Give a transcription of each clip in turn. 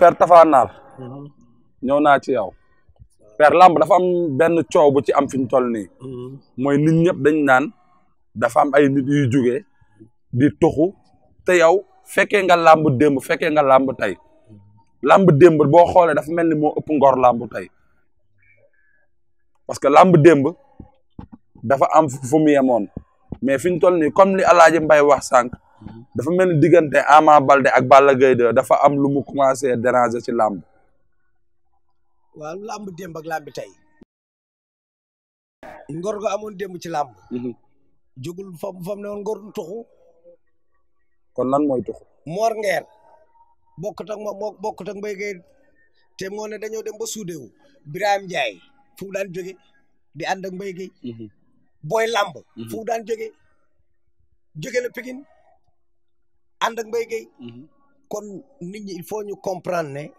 per tafaanaar mhm. ñëw naa ci yow per lamb dafa am benn coow bu ci am fi ñu toll nii mhm. mooy nit ñëpp dañ naan dafa am ay nit yuy jóge di tuxu te yow fekkee nga làmb démb fekkee nga làmb tey làmb démb boo xoolee dafa mel ni moo ëpp ngor làmb tey parce que làmb démb dafa am fu mu yemoon mais fi ñu toll nii comme li Alaaji Mbay wax sànq dafa mel ni diggante Ama Balde ak Balla Gaye 2 dafa am lu mu commencé déranger ci làmb. waaw làmb démb ak làmb ngor nga amoon demb ci làmb. Mhm. jógul fam fam ne ngor du kon lan mooy tuxu. Mor Ngeer. bokkut ak moom bokkut ak Mbaye Gueye te moo ne dañoo dem ba suudewu Birame Ndiaye fu mu daan di ànd ak Mbaye mhm. Boy Lamb. Mhm. fu mu daan jóge jóge na ànd ak Mbaye Gueye mhm. nit ñi il faut ñu comprendre ne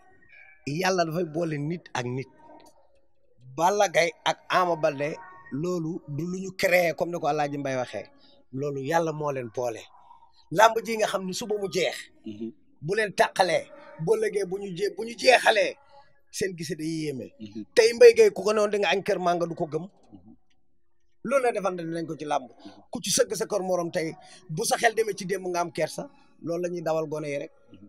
yàlla dafay boole nit ak nit Balla Gaye ak Ama Baldé loolu du lu ñu créé comme ni ko Alaaji Mbaye waxee loolu yàlla moo leen boole làmb ji nga xam ne suba mu jeex mhm. bu leen tàqalee boo légee bu ñu jee bu ñu jeexalee seen gise day yéeme mhm. tey Mbaye ku ko noonu di nga añ kër manga ko gëm loolu la defante dinañ ko ci làmb ku ci sëgg sa kër morom tey bu sa xel demee ci démb nga am kersa loolu la ñuy dawal gone yi rek mhm.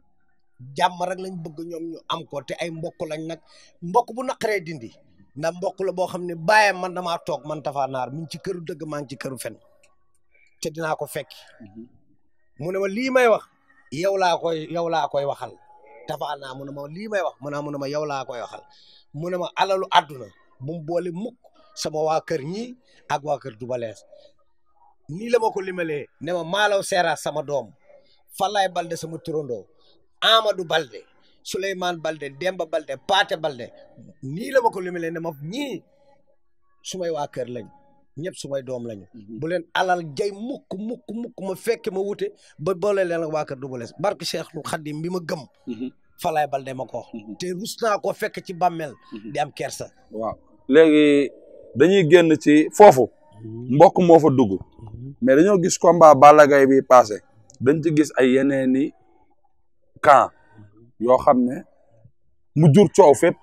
jàmm rek lañ bëgg ñoom ñu am te ay mbokk lañ nag mbokk bu naqaree dindi ndax mbokk la boo xam ne bàyyam man damaa toog man Tapha Nar mi ngi ci këru dëgg maa ngi ci këru fen te dinaa ko fekk mhm. mu ne ma lii may wax yow laa koy yow laa koy waxal Tapha Nar mu ne ma lii may wax mu ne ma yow laa koy waxal mu ne ma alalu àdduna bu mu boole mukk sama waa kër ñii ak waa kër Double Less nii la ma ko limalee ne ma maalaw seeraas sama doom Fallaye Balde sama turandoo Amadou Balde Souleymane Balde Demba Balde Paate Balde nii la ma ko limalee ne ma ñii sumay waakër kër lañ ñëpp sumay doom lañu. Mhm. bu leen alal jay mukk mukk mukk ma fekke ma wute ba boole leen waa kër Double Less barke Cheikhul Khadim bi ma gëm. Mhm. Fallaye Balde ma ko. Mhm. te rus naa koo fekk ci bàmmeel. di am kersa. waaw dañuy génn ci foofu. mbok moo fa dugg. mais dañoo gis combat Balla Gaye bi passé. dañ ci gis ay yeneeni camp yoo xam ne mu jur coow fépp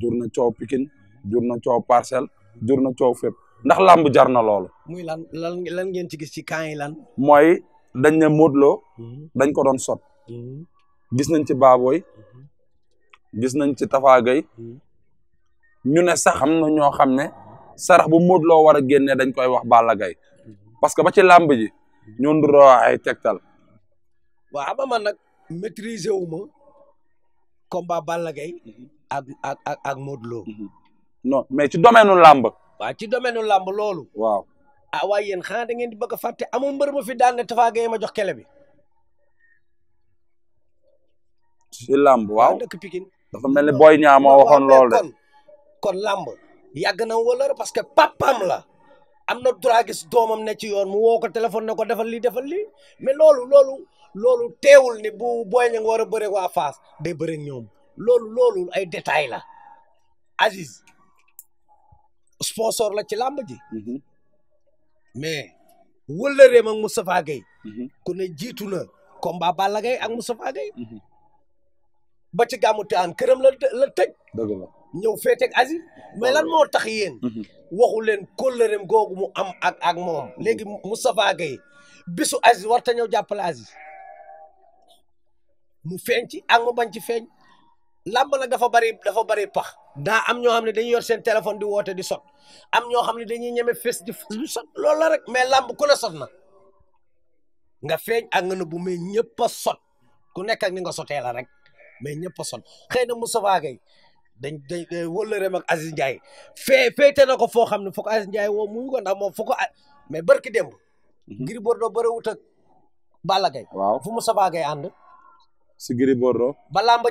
jur na coow pikin jur na coow parcel jur na coow fépp ndax lamb jar na loolu. muy lan lan lan ngeen ci gis ci camp yi lan. mooy dañ ne modlo mhm. dañ ko doon sot mhm. gis nañ ci Baboy mhm. gis nañ ci Tafa ñu ne sax am na ñoo xam sarax bu modlo war dañ koy wax parce que ba ci lamb ji. Mm-hmm. ñu nduroo ay tegtal. waaw xam nga man nag maîtriser wu ma combat Balla Gaye mm-hmm. ak ak ak ak Modou mm-hmm. ci domaine nu làmb. waaw ci domaine nu làmb loolu. waaw ah waaye yéen xanaa da ngeen di bëgg fàtte amul mbër ma fi daan ne Tafa Gueye ma jox bi. ci làmb waaw dëkk mel ni Boy Niang moo waxoon loolu de kon kon làmb na wala parce papam la. am na droit gis doomam ne ci yoon mu woo ko téléphone na ko defal li defal lii mais loolu loolu loolu teewul ni bu Boy Niang war a bëre waa Fass day bëre ñoom loolu loolu ay détail la Aziz sponsor la ci làmb ji mhm. mais wëllëreem ak Moustapha Gueye mhm. ku ne jiitu na combat Balla Gaye ak Moustapha Gueye mhm. ba ci gàmmu te aan këram la la ñëw féeteeg Aziz mais lan moo tax yéen. Mhm. waxu leen kóllëreem googu mu am ak ak moom mhm. léegi Moustapha Gueye bisu Aziz war tañëw jàppale Aziz mu feeñ ci ak mu bañ ci feeñ làmb la dafa bari dafa bari pax. daa am ñoo xam ne dañuy yor seen téléphone di woote di sot am ñoo xam ne dañuy ñeme fes di di sot loolu la rek mais làmb ku ne sot na nga feeñ ak nga nëbbu mais ñëpp a sot ku nekk ak ni nga sotee rek mais ñëpp a sot xëy na Moustapha dañ dañ wëllëreem ak Aziz Ndiaye fee féete na ko foo xam ne foog Aziz Ndiaye woo mu ko ndax moom foog ko mais barki démb. Mhm. Gris Bordeaux bëriwut ak Balla Gaye. waaw fu Moustapha Gaye ànd. si Gris Bordeaux. ba làmb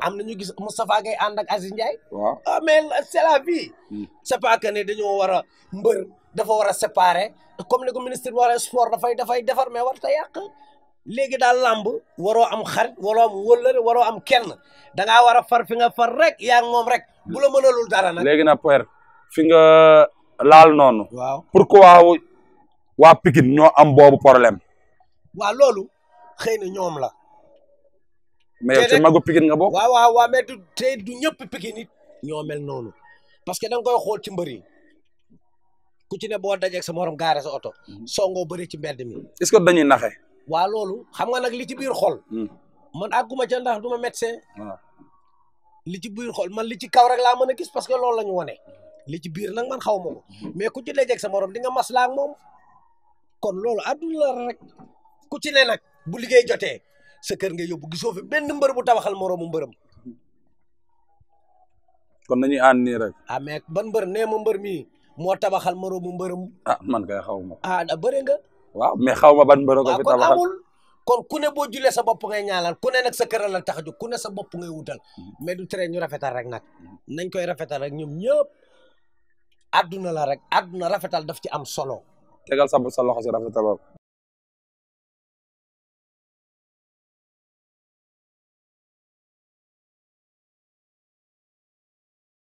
am na ñu gis Moustapha Gaye ànd ak Aziz Ndiaye. waaw ah mais c'est la vie. Mhm. dañoo war a mbër dafa war a séparer comme ni ko ministre bi waxee dafay dafay defar mais war te yàq. léegi daal làmb waroo am xarit waroo am wëllëre waroo am kenn da ngaa war a far fi nga far rek yaa ngi moom rek bu la mënalul dara nag. léegi na père fi nga laal noonu. waaw pourquoi waa Pikine ño am boobu problème. waaw loolu xëy na ñoom la. mais yow ci magu Pikine nga bokk. waaw waaw waaw mais du tey du ñëpp Pikine it ñoo mel noonu parce que da nga koy xool ci mbër yi ku ci ne boo dajeeg sa morom gaare sa oto. Mm-hmm. songoo bari ci mbedd mi. est que dañuy naxe. wa loolu xam nga nak li ci biir xol. Hmm. man aguma ci ndax duma médecin. Ah. li ci biir xol man li ci kaw rek la meuna gis parce que loolu lañu woné wane. li ci biir nak man xawmo hmm. mais ku ci sa morom di nga ak mom kon loolu adu la rek ku ci ne nak bu liggéey jotee sa kër nga yobbu gisoo fi benn mbeur bu tabaxal morom mbeuram kon nañu an ni rek. ah mais ban mbeur né mo mbeur mi mo tabaxal morom mbeuram ah man kay xawmo ah ah bëre nga. waaw mais xaw ma ban mbërë ko fi tabaxal kon ku ne boo julee sa bopp ngay ñaanal ku ne nag sa këral la tax ku ne sa bopp ngay wutal mm-hmm. mais du tere ñu rafetal rek nag mm-hmm. nañ koy rafetal rek ñoom ñëpp àdduna la rek àdduna rafetal daf ci am solo tegal sa sa loxo si rafetal